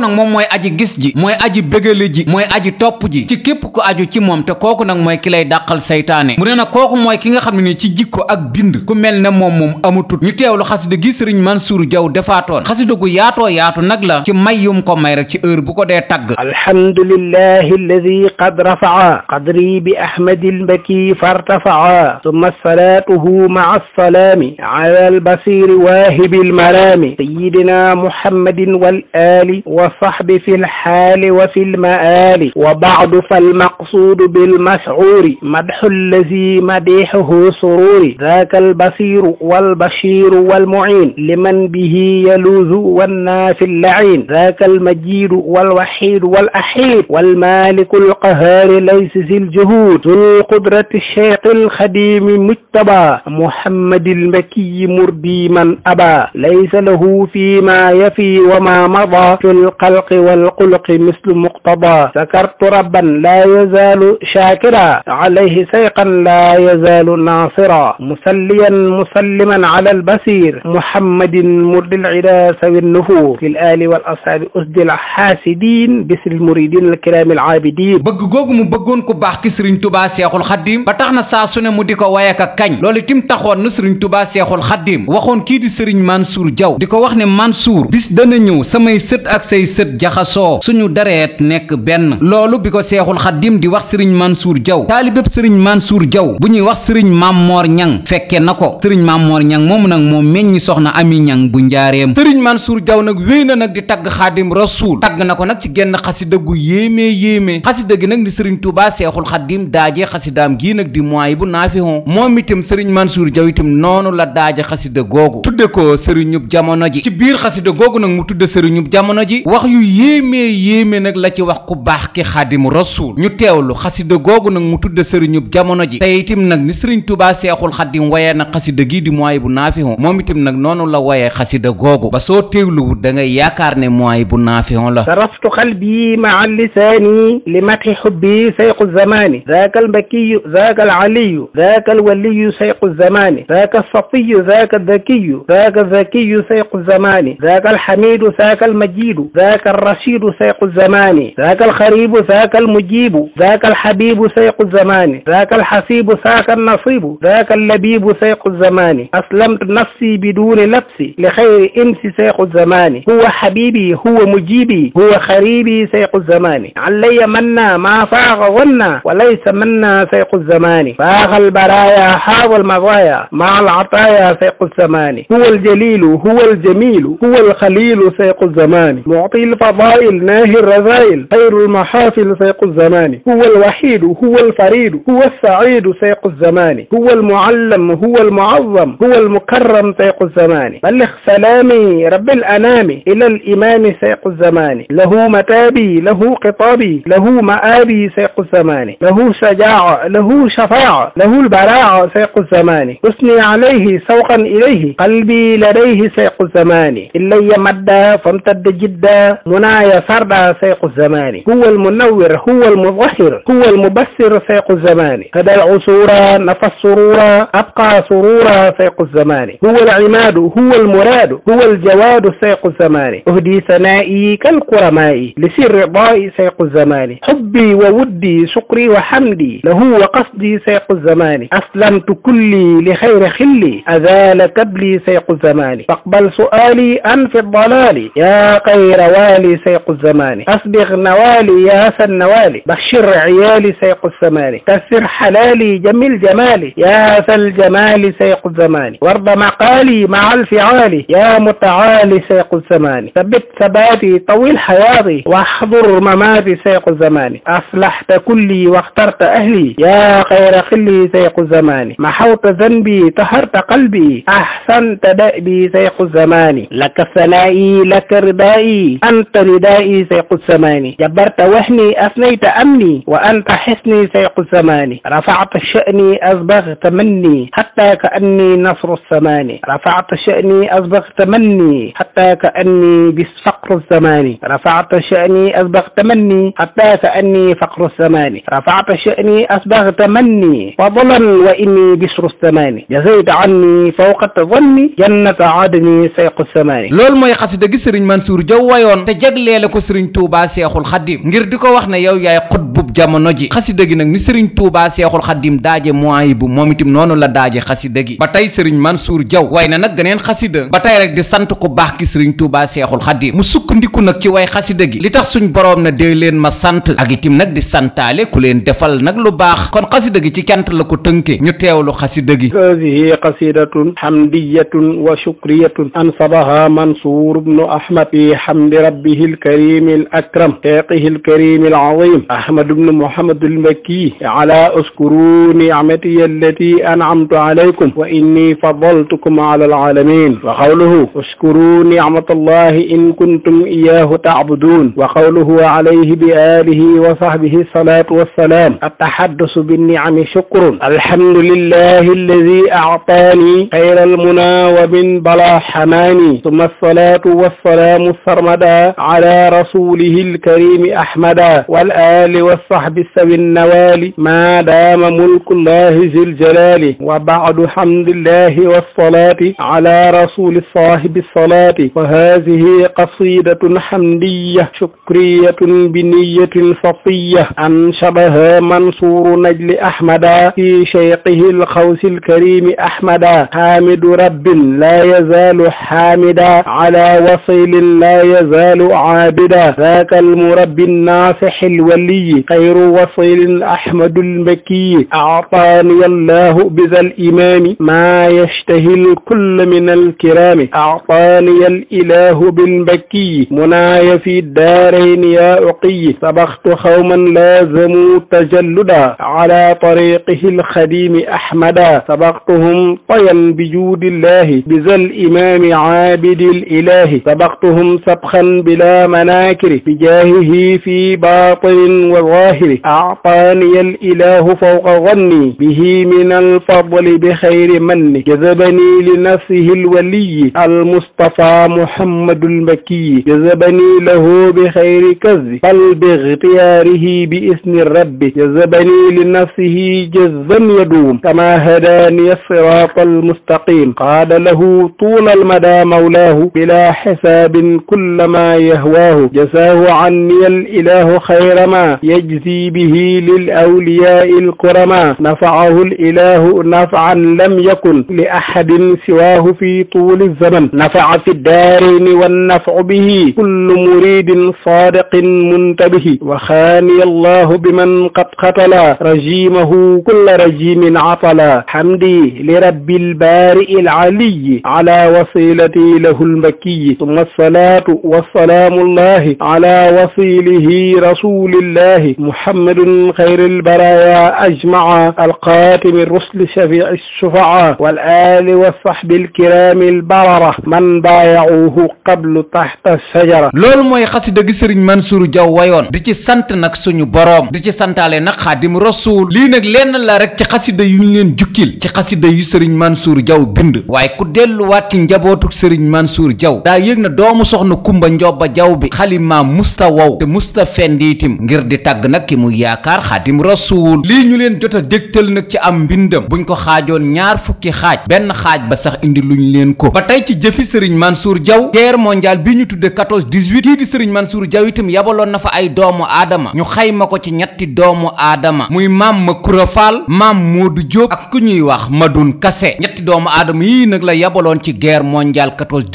S1: gi ci képp ku aju ci moom te kooku nag mooy ki lay dàqal saytaane mu ne nag kooku mooy ki nga xam ne ni ci jikko ak bind ku mel ne moom moom amutut ñu teewlu xasida gi sëriñ Mansour Diaw defaatoon xasida gu yaatoo yaatu nag la ci may yum ko may rek ci heure bu ko dee tagg
S2: alhamdulillahi alladi qad rafaa qadri bi ahmadi albaki fartafaa summa salaatuhu maa alsalaami ala albasiri waahibi almaraami sayidina muhammadin wal ali wa sahbi fi lxaali wa fi lmaali wa baad المراد فالمقصود بالمسعور مدح الذي مديحه سرور ذاك البصير والبشير والمعين لمن به يلوذ والناف اللعين ذاك المجيد والوحيد والأحيد والمالك القهار ليس ذي الجهود ذو القدرة الشيخ الخديم مجتبى محمد المكي مردي من أبى ليس له فيما يفي وما مضى في القلق والقلق مثل مقتضى ذكرت رب la شاكرا لا يزال شاكرا عليه سيقا لا يزال ناصرا مسليا مسلما على البصير محمد مرد العدا سوي النفور في الآل والأصحاب أسد الحاسدين بسر المريدين الكرام العابدين bëgg googu mu bëggoon ku baax ki sëriñ tubaa
S1: seexul xaddim ba tax na saa su ne mu di ko wayaka kañ loolu tim taxoon na sëriñ tubaa seexul xaddim waxoon kii di sëriñ Mansour Diaw di ko wax ne Mansour bis dana ñëw samay sët ak say sët jaxasoo suñu dareet nekk benn loolu bi ko seexul xaddim di wax sëriñ Mansour Diaw taalibéb sëriñ Mansour Diaw bu ñuy wax sëriñ Mammoor Ñang fekke na ko sëriñ Mammoor Ñang moomu nag moom meññi soxna Ami Ñang bu njaareem sëriñ Mansour Diaw nag wéy na nag di tagg xaadim rasuul tagg na ko nag ci genn xasida gu yéemee yéemee xasida gi nag di sëriñ Touba seexul xaddim daajee xasidaam gii nag di mooy bu naafihon moom itam sëriñ jaw Diaw itam noonu la daaje xasida googu tudde ko sëriñub jamono ji ci biir xasida googu nag mu tudde sëriñub jamono ji wax yu yéemee yéemee nag la ci wax ku baax ki xaadim rasuul rasul ñu teewlu xasida googu nag mu tudde sëriñub jamono ji tey itim nag ni sëriñ tubaa seexul xaddim woyee na xasida gii di mooy bu naafihon moom itim nag noonu la woyee xasida googu ba soo teewluwu da ngay yaakaar ne mooy bu naafihon la
S2: saraftu xalbi maa lisaani li mati xubbi sayqu zamaani zaaka albakiyu zaaka alaliyu zaaka alwaliyu sayqu zamaani zaaka alsafiyu zaaka aldakiyu zaaka alzakiyu sayqu zamaani zaaka alxamidu zaaka almajidu zaaka alrashidu sayqu zamaani zaaka alxaribu zaaka المجيب ذاك الحبيب سيق الزمان ذاك الحسيب ذاك النصيب ذاك اللبيب سيق الزمان أسلمت نفسي بدون نفسي لخير إمس سيق الزمان هو حبيبي هو مجيبي هو خريبي سيق الزمان علي منا ما فاغ غنا وليس منا سيق الزمان فاغ البرايا حاب المضايا مع العطايا سيق الزمان هو الجليل هو الجميل هو الخليل سيق الزمان معطي الفضائل ناهي الرذائل خير المحافل سيق سيق الزمان هو الوحيد هو الفريد هو السعيد سيق الزمان هو المعلم هو المعظم هو المكرم سيق الزمان بلغ سلامي رب الأنام إلى الإمام سيق الزمان له متابي له قطابي له مآبي سيق الزمان له شجاعة له شفاعة له البراعة سيق الزمان أثني عليه سوقا إليه قلبي لديه سيق الزمان إلي مدى فامتد جدا منايا سردا سيق الزمان هو المنور هو المظهر هو المبصر فيق الزمان هدى العسورا نفى السرورا أبقى سرورا فيق الزمان هو العماد هو المراد هو الجواد سيق الزمان أهدي ثنائي كالقرماء لسر رضاء سيق الزمان حبي وودي شكري وحمدي له وقصدي سيق الزمان أسلمت كلي لخير خلي أذال كبلي سيق الزمان فاقبل سؤالي أنف الضلال يا خير والي سيق الزمان أسبغ نوالي يا سن موالي بشر عيالي سيق السماني كسر حلالي جمل جمالي يا ذا الجمال سيق الزمان وارض مقالي مع الفعال يا متعالي سيق الزمان ثبت ثباتي طويل حياتي واحضر مماتي سيق الزمان أصلحت كلي واخترت أهلي يا خير خلي سيق الزمان محوت ذنبي طهرت قلبي أحسنت دأبي سيق الزمان لك ثنائي لك ردائي أنت ندائي سيق الزمان جبرت وهني أثنى أثنيت أمني وأنت حسني سيق زماني رفعت شأني أصبغت مني حتى كأني نصر الزمان رفعت شأني أصبغت مني حتى كأني بفقر الزمان رفعت شأني أصبغت مني حتى كأني فقر الزمان رفعت شأني أصبغت مني فضلا وإني بشر الزمان جزيت عني فوق ظني جنة عدن سيق الزمان loolu mooy xasida gi Serigne Mansour Diaw wayoon te jagleele ko Serigne
S1: Touba Cheikhoul Khadim ngir di ko wax ne yow yaay xutbub jamono ji xasida gi nag ni sëriñ tuubaa seexul xaddim daaje moyi bu moom itam noonu la daaje xasida gi ba tey sëriñ Mansuur way na nag geneen xasida ba tey rek di sant ku baax ki sëriñ tuubaa seexul xaddim mu sukkandiku nag ci way xasida gi li tax suñ boroom na dee leen ma sant ak itim nag di santaale ku leen defal nag lu baax kon xasida gi ci cant la ko tënke ñu teewlu xasida gi
S2: haadihi qasidatun hamdiyatun wa shukriyatun ansabaha mansuur bnu ahmad fi hamdi rabbihi alkarimi alakram taaqihi alkarimi العظيم أحمد بن محمد المكي على أشكروا نعمتي التي أنعمت عليكم وإني فضلتكم على العالمين وقوله أشكروا نعمة الله إن كنتم إياه تعبدون وقوله عليه بآله وصحبه الصلاة والسلام التحدث بالنعم شكر الحمد لله الذي أعطاني خير المنى ومن بلا حماني ثم الصلاة والسلام السرمدا على رسوله الكريم أحمدا وال والآل والصحب سوي النوال ما دام ملك الله ذي الجلال وبعد حمد الله والصلاة على رسول صاحب الصلاة وهذه قصيدة حمدية شكرية بنية صفية أنشدها منصور نجل أحمدا في شيقه الخوس الكريم أحمدا حامد رب لا يزال حامدا على وصيل لا يزال عابدا ذاك المرب الناصح الولي خير وصيل أحمد المكي أعطاني الله بذا الإمام ما يشتهي الكل من الكرام أعطاني الإله بالمكي مناي في الدارين يا أقي سبخت خوما لازموا تجلدا على طريقه الخديم أحمدا سبقتهم طيا بجود الله بذا الإمام عابد الإله سبقتهم سبخا بلا مناكر بجاهه في باطل باطن وظاهر أعطاني الإله فوق ظني به من الفضل بخير من جذبني لنفسه الولي المصطفى محمد المكي جذبني له بخير كذب بل باختياره بإذن الرب جذبني لنفسه جذبا يدوم كما هداني الصراط المستقيم قال له طول المدى مولاه بلا حساب كل ما يهواه جزاه عني الإله خير خيرما يجزي به للأولياء الكرما نفعه الإله نفعا لم يكن لأحد سواه في طول الزمن نفع في الدارين والنفع به كل مريد صادق منتبه وخاني الله بمن قد قتلا رجيمه كل رجيم عطلا حمدي لرب البارئ العلي على وصيلتي له المكي ثم الصلاة والسلام الله على وصيله رسول rasulillahi muhammadun xayril baraya ajmaa alqaatimi rusli shafii sufaa wal aali wa sahbi alkiraami albarara man baayacuuhu qablu taxta sajara loolu mooy xasida gi sëriñ
S1: Mansour Diaw wayoon di ci sant nag suñu boroom di ci santaale nag xaadim rasul lii nag lenn la rek ci xasida yuñ leen jukkil ci xasida yu sëriñ Mansour Diaw bind waaye ku delluwaat ci njabootu sëriñ Mansour Diaw daa yëg na doomu soxna Kumba Njobba Diaw bi xalimaam musta wow te musta fendiiti tëggin ngir di tàgg nag ki mu yaakaar xaadim rasuul lii ñu leen jot a dégtal nag ci am mbindam buñ ko xaajoon ñaar fukki xaaj benn xaaj ba sax indi lu luñ leen ko ba tey ci jëfi sëriñ Mansour Diaw guerre mondiale bii ñu tudde 14 18 kii di sëriñ Mansour Diaw itam yabaloon na fa ay doomu aadama ñu xayma ko ci ñetti doomu aadama muy maam ma Makura Fall maam Modou Diop ak ku ñuy wax Madoun Kassé ñetti doomu aadama yii nag la yabaloon ci guerre mondiale 14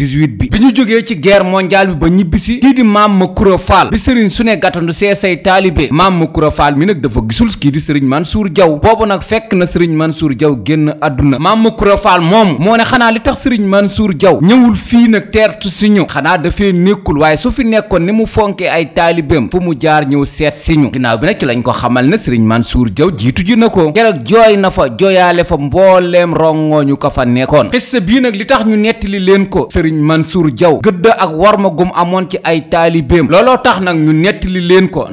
S1: 18 say taalibe maam Mukura Faal mi nag dafa gisul kii di sëriñ Mansour Diaw boobu nag fekk na sëriñ Mansour jaw génn adduna maam Mukura Faal moom moo ne xanaa li tax sëriñ man suur jaw ñëwul fii nag teertu si ñu xanaa dafee nekkul waaye su fi nekkoon ni mu fonkee ay taalibeem fu mu jaar ñëw seet si ñu ginnaaw bi nag ci lañ ko xamal ne sëriñ Mansour Diaw jiitu ji na ko keroog jooy na fa jooyaale fa mbooleem rongooñu ko fa nekkoon xissa bii nag li tax ñu li leen ko sëriñ suur jaw gëdd ak ma gum amoon ci ay taalibeem looloo tax nag ñu nettali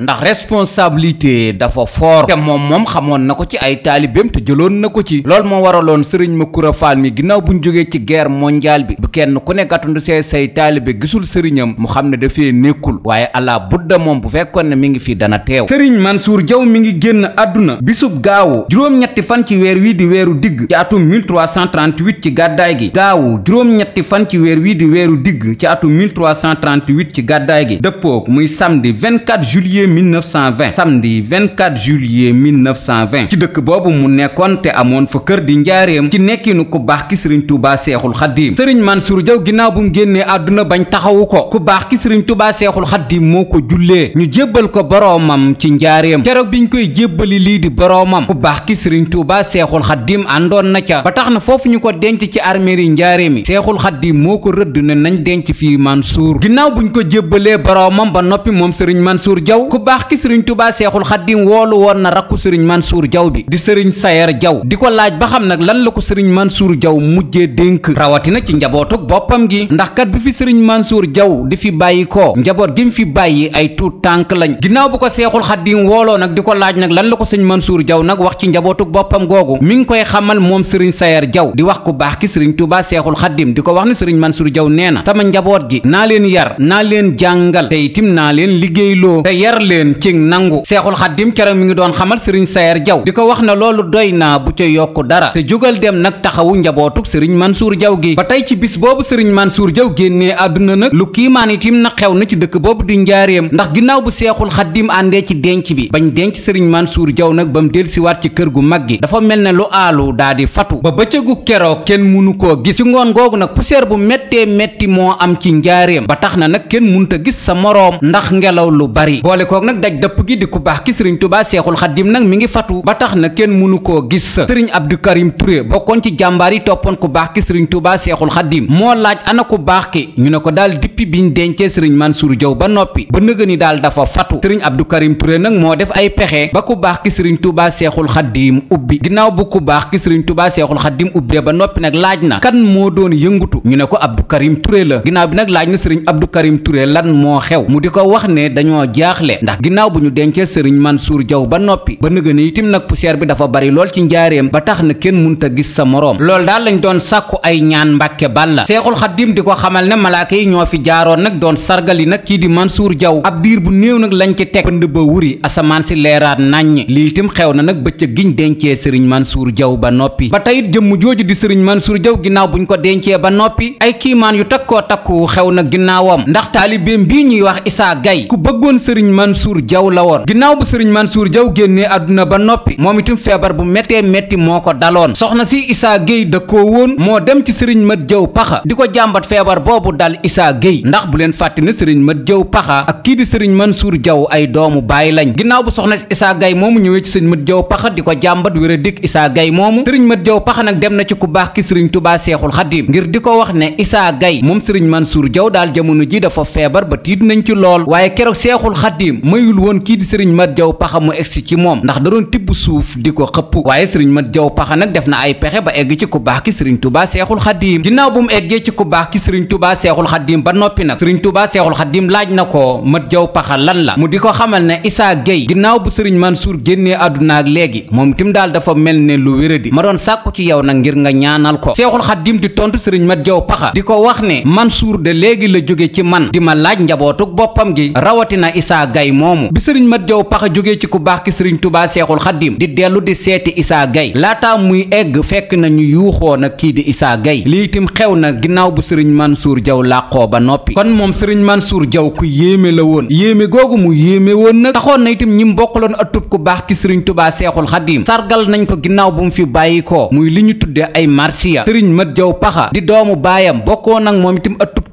S1: ndax responsabilité dafa fort te moom moom xamoon na ko ci ay taalibeem te jëloon na ko ci lool moo waraloon sëriñ ma Fall mi ginnaaw bu ñu jógee ci guerre mondiale bi bu kenn ku ne gàttandu see say taalibe gisul sëriñam mu xam ne dafee nekkul waaye ala budda moom bu fekkoon ne mi ngi fii dana teew sëriñ Mansour jaw mi ngi génn àdduna bisub gaawu juróom-ñetti fan ci weer wii di weeru digg ci atum 1338 ci gàddaay gi gaawu juróom-ñetti fan ci weer wii di weeru digg ci atum 1338 ci gàddaay gi dëppook muy samedi 24 juillet 1920 samedi 24 juillet 1920 ci dëkk boobu mu nekkoon te amoon fa kër di njaareem ci nekkinu ku baax ki sëriñ Touba Seexul Xaddiim sëriñ Mansour Diaw ginnaaw bu mu génnee àdduna bañ taxawu ko ku baax ki sëriñ Touba Seexul Xaddiim moo ko jullee ñu jébbal ko boroomam ci njaareem keroog biñ koy jébbali lii di boroomam ku baax ki sëriñ Touba Seexul Xaddiim àndoon na ca ba tax na foofu ñu ko denc ci arméeri njaareem yi Seexul Xaddiim moo ko rëdd ne nañ denc fii Mansour ginnaaw baax ki sëriñ tubaa seexul xaddim woolu woon na rakku sëriñ Mansour Diaw bi di sëriñ Sayer Diaw di ko laaj ba xam nag lan la ko sëriñ Mansour jaw mujjee dénk rawatina ci njabootug boppam gi ndax kat bi fi sëriñ Mansour jaw di fi bàyyi ko njaboot gi mu fi bàyyi ay tuut tànk lañ ginnaaw bu ko seexul xaddim wooloo nag di ko laaj nag lan la ko sëriñ Mansour jaw nag wax ci njabootug boppam googu mi ngi koy xamal moom sëriñ sayar jaw di wax ku baax ki sëriñ tubaa seexul xaddim di ko wax ne sëriñ Mansour Diaw nee na sama njaboot gi naa leen yar naa leen jàngal te leen ci nangu seexul xaddim keroog mi ngi doon xamal sëriñ sayer jaw di ko wax na loolu doy naa bu ca yokku dara te jógal dem nag taxawu njabootug sëriñ mansuur jaw gi ba tey ci bis boobu sëriñ mansuur jaw génnee àdduna nag lu kiimaan itim na xew na ci dëkk boobu di njaareem ndax ginnaaw bu seexul xaddim àndee ci denc bi bañ denc sëriñ mansuur jaw nag ba mu delsiwaat ci kër gu mag gi dafa mel ne lu aalu daa di fatu ba bëccëgu keroog kenn mënu koo gis ci ngoon googu nag poussière bu méttee métti moo am ci njaareem ba tax na nag kenn munta gis sa moroom ndax ngelaw lu bari kook nag daj dëpp gi di ku baax ki sëriñ tubaa seexul xaddim nag mi ngi fatu ba tax na kenn mënu koo gis sëriñ abdou karim touré bokkoon ci jàmbaar yi toppoon ku baax ki sëriñ tubaa seexul xaddim moo laaj ana ku baax ki ñu ne ko daal dippi biñ dencee sëriñ mansuur jaw ba noppi ba nëga ni daal dafa fatu sëriñ abdou karim touré nag moo def ay pexe ba ku baax ki sëriñ tubaa seexul xaddim ubbi ginnaaw bu ku baax ki sëriñ tubaa seexul xaddim ubbee ba noppi nag laaj na kan moo doon yëngutu ñu ne ko abdou karim touré la ginnaaw bi nag laaj na sëriñ abdou karim touré lan moo xew mu di ko wax ne dañoo jaaxle ndax ginnaaw bu ñu dencee sëriñ Mansour jaw ba noppi ba nëgëne itim nag poussière bi dafa bari lool ci njaareem ba tax na kenn munta gis sa moroom loolu daal lañ doon sàkku ay ñaan mbàkke balla seexul xaddim di ko xamal ne malaaka yi ñoo fi jaaroon nag doon sargali nag kii di Mansour Diaw ab diir bu néew nag lañ ci teg pënd ba wuri asamaan si leeraat naññ li itam xew na nag bëccëg giñ dencee sëriñ Mansour Diaw ba noppi ba tey it jëmm jooju di sëriñ Mansour Diaw ginnaaw buñ ko dencee ba noppi ay kiimaan yu takkoo takku xew na ginnaawam ndax taalibeem bii ñuy wax Issa Gaye Mansour Diaw la woon ginnaaw bu sëriñ man suur jaw génnee àdduna ba noppi moom itam feebar bu méttee métti moo ko daloon soxna si Issa Gueye da koo woon moo dem ci sëriñ Mat jaw paxa di ko jàmbat feebar boobu dal Issa Gueye ndax bu leen fàtte ne sëriñ Mat Diaw paxa ak kii di sëriñ man suur jaw ay doomu baay lañ ginnaaw bu soxna si Issa gay moomu ñëwee ci sëriñ Mat jaw paxa di ko jàmbat wér a dikk Issa Gueye moomu sëriñ Mat Diaw paxa nag dem na ci ku baax ki sëriñ Touba Seexul Xadim ngir di ko wax ne Issa Gueye moom sëriñ Mansour Diaw daal jamono ji dafa feebar ba tiit nañ ci lool waaye keroog Seexul Xadim mayul woon kii di sëriñ mat jaw paxa mu egsi ci moom ndax da doon tibb suuf di ko xëpp waaye sëriñ mat jaw paxa nag def na ay pexe ba egg ci ku baax ki sëriñ tubaa seexul xaddiim ginnaaw bu mu eggee ci ku baax ki sëriñ tubaa seexul xaddiim ba noppi nag sëriñ tubaa seexul xaddiim laaj na ko mat jaw paxa lan la mu di ko xamal ne isaa gay ginnaaw bu sëriñ mansuur génnee àdduna ak léegi moom tim daal dafa mel ne lu wéradi ma doon sàkku ci yow nag ngir nga ñaanal ko seexul xaddiim di tontu sëriñ mat jaw paxa di ko wax ne mansuur de léegi la jóge ci man di ma laaj njabootuk boppam gi rawatina isaa gay moomu bi sëriñ mat jaw paxa jógee ci ku baax ki sëriñ tubaa seexul xaddim di dellu di seeti isaa gay laataa muy egg fekk nañu yuuxoo nag kii di isaa gay lii itam xew na ginnaaw bu sëriñ suur jaw làqoo ba noppi kon moom sëriñ suur jaw ku yéeme la woon yéeme googu mu yéeme woon nag taxoon na itam ñi mbokkaloon ëttub ku baax ki sëriñ tubaa seexul xaddim sargal nañ ko ginnaaw bu mu fi bàyyi ko muy li ñu tudde ay marsiya sëriñ mat jaw paxa di doomu baayam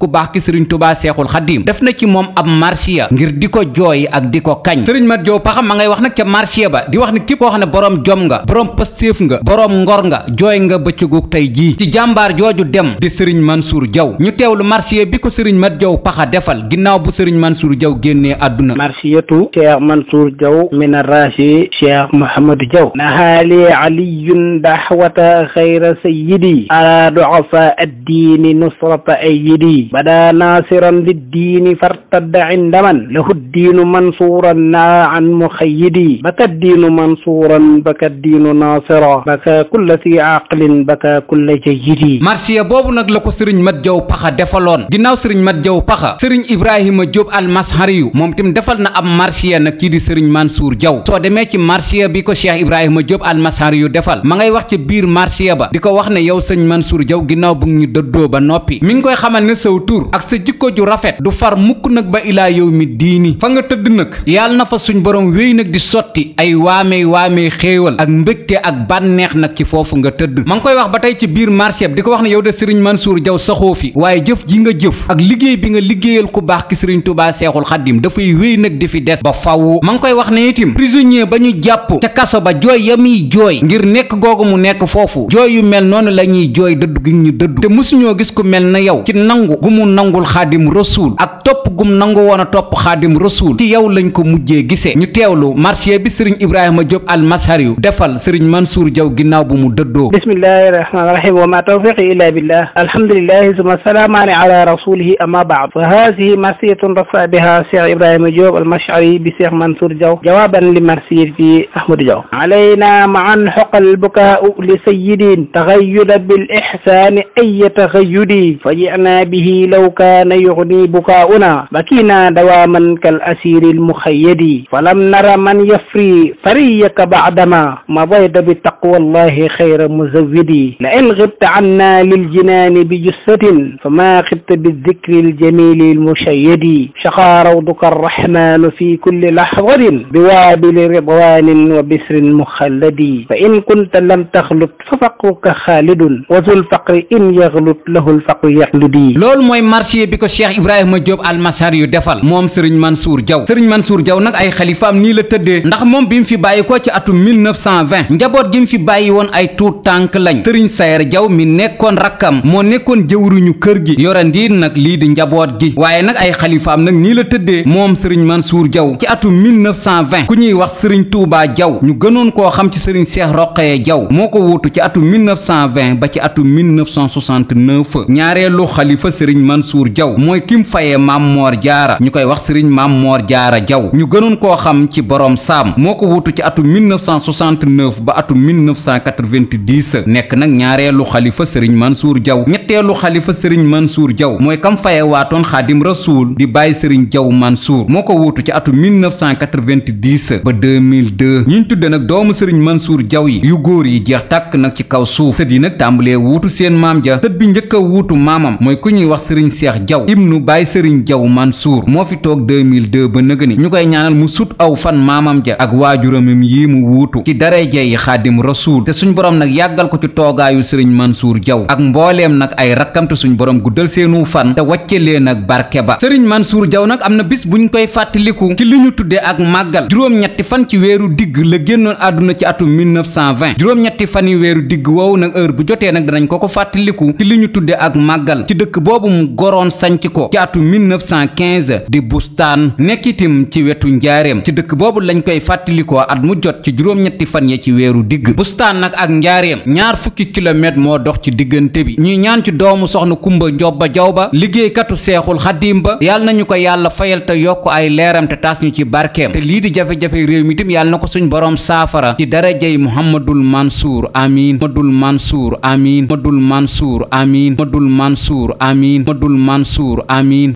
S1: ku baax ki sëriñ tubaa seexul xaddiim def na ci moom ab marsiya ngir di ko jooy ak di ko kañ sëriñ mat jow paxam ma ngay wax nag ca marsiya ba di wax ni képp koo xam ne boroom jom nga boroom pëstéef nga boroom ngor nga jooy nga bëccëgu tey jii ci jàmbaar jooju dem di sëriñ Mansour Diaw ñu teewlu marsiya bi ko sëriñ mat jow paxa defal ginnaaw bu sëriñ Mansour Diaw génnee àdduna
S2: marsiyatu cheikh Mansour Diaw min a cheikh Mouhamadou Diaw nahaali aliyun daxwata xayra sayidi ala duafa addiini nusrata ayidi bada naasiran liddiini fartadda inda man lahu ddiinu mansuuran naa an muxayyidi baka ddiinu mansuuran baka ddiinu naasira baka kulla si aqlin baka kulla jayyidi
S1: marsiya boobu nag la ko seriñ mat jaw paxa defaloon ginnaaw sëriñ mat jaw paxa sëriñ ibrahima jóob almashari yu moom tam defal na am marsiya nag kii di sëriñ mansuur jaw soo demee ci marsiya bi ko cheikh ibrahima jóob almashari yu defal ma ngay wax ci biir marsiya ba di ko wax ne yow sëriñ mansuur jaw ginnaaw bu ba noppi tur ak sa jikko ju rafet du far mukk nag ba ilaa yow mi diini fa nga tëdd nag yal na fa suñ borom wéy nag di sotti ay waamey waamey xéewal ak mbégte ak bànneex nag ci foofu nga tëdd ma ngi koy wax ba tey ci biir marché bi di ko wax ne yow de sëriñ Mansour Diaw saxoo fi waaye jëf ji nga jëf ak liggéey bi nga liggéeyal ku baax ki sëriñ Touba Seexul Xaddim dafay wéy nag di fi des ba faww ma ngi koy wax ne itim prisonnier ba ñu jàpp ca kaso ba jooy ya muy jooy ngir nekk googu mu nekk foofu jooy yu mel noonu la ñuy jooy dëdd gi ñu dëdd te mësuñoo gis ku mel na yow gu mu nangul xaadim rasuul ak topp gum nangu woon a topp xaadim rasuul ci yow lañ ko mujjee gisee ñu teewlu marché bi sëriñ ibrahima diop almashar yu defal sëriñ mansuur jaw ginnaaw bu mu dëddoo
S2: bismillahi rahmaani rahim wa ma tawfiqi illa billah alhamdulillahi summa salaamaani ala rasulihi amma baad fa haadihi marsiyatun rafa biha cheikh ibrahima diop almashari bi cheikh mansour jaw jawaaban li marsiyati ahmadou jaw alayna maan xoqal bukaau li sayidin taxayuda bil ixsaani ay taxayudi fa jina bihi لي لو كان يغني بكاؤنا بكينا دواما كالأسير المخيد فلم نر من يفري فريك بعدما مضيت بتقوى الله خير مزودي لئن غبت عنا للجنان بجثة فما غبت بالذكر الجميل المشيد شقى روضك الرحمن في كل لحظة بوابل رضوان وبسر مخلد فإن كنت لم تخلط ففقرك خالد وذو الفقر إن يغلط له الفقر يقلدي
S1: loolu mooy marché bi ko Cheikh Ibrahima Diop almasar yu defal moom Serigne Mansour Diaw Serigne Mansour Diaw nag ay xalifaam nii la tëddee ndax moom bi mu fi bàyyi ko ci atum 1920 njaboot gi mu fi bàyyi woon ay tuut tànk lañ Serigne Sayer jaw mi nekkoon rakkam moo nekkoon ñu kër gi yorandiin nag lii di njaboot gi waaye nag ay xalifaam nag nii la tëddee moom Serigne Mansour Diaw ci atum 1920 ku ñuy wax Serigne Touba jaw ñu gënoon koo xam ci Serigne Cheikh Roqeye Diaw moo ko wuutu ci atum 1920 ba ci atum 1969 ñaareelu sëriñ Mansour Diaw mooy kim fayee maam moor jaara ñu koy wax sëriñ maam moor jaara Diaw ñu gënoon koo xam ci boroom saam moo ko wutu ci atu 1969 ba atum 1990 nekk nag ñaareelu xalifa sëriñ Mansour Diaw ñetteelu xalifa sëriñ Mansour Diaw mooy kam faye waatoon xaadim rasuul di bàyyi sëriñ Diaw Mansour moo ko wuutu ci atum 1990 ba 2002 ñiñ tudde nag doomu sëriñ Mansour Diaw yi yu góor yi jeex tàkk nag ci kaw suuf sët yi nag tàmbalee wuutu seen maam ja sët bi njëkk a wuutu maamam mooy ku ñuy wax wax sëriñ seex jaw ibnu baay sëriñ jaw mansuur moo fi toog 2002 ba nëg ni ñu koy ñaanal mu sut aw fan maamam ja ak waajuramam yi mu wuutu ci daraja yi xaadim rasuul te suñ borom nag yàggal ko ci toogaayu sëriñ mansuur jaw ak mbooleem nag ay rakkamte suñ borom guddal seenu fan te wàcce leen ak barke ba sëriñ mansuur jaw nag am na bis buñ koy fàttaliku ci li ñu tudde ak màggal juróom-ñetti fan ci weeru digg la génnoon àdduna ci atum 1920 juróom-ñetti fan yi weeru digg woowu nag heure bu jotee nag danañ ko ko um goroon sanc ko ci atu 1915 di bustaan nekkitim ci wetu njaareem ci dëkk boobu lañ koy fàttalikoo at mu jot ci juróom-ñetti fan ya ci weeru digg bustaan nag ak njaareem ñaar fukki kilomètre moo dox ci diggante bi ñuy ñaan ci doomu soxna kumba njobba jaw ba liggéeykatu seexul xaddiim ba yàlla nañu ko yàlla fayal te yokk ay leeram te taas ñu ci barkeem te lii di jafe-jafe réew mi tim yàlla na ko suñ boroom saafara ci darajey muhammadul mansuur amiin madul mansuur amiin mansuur amiin amiin modul mansour amiin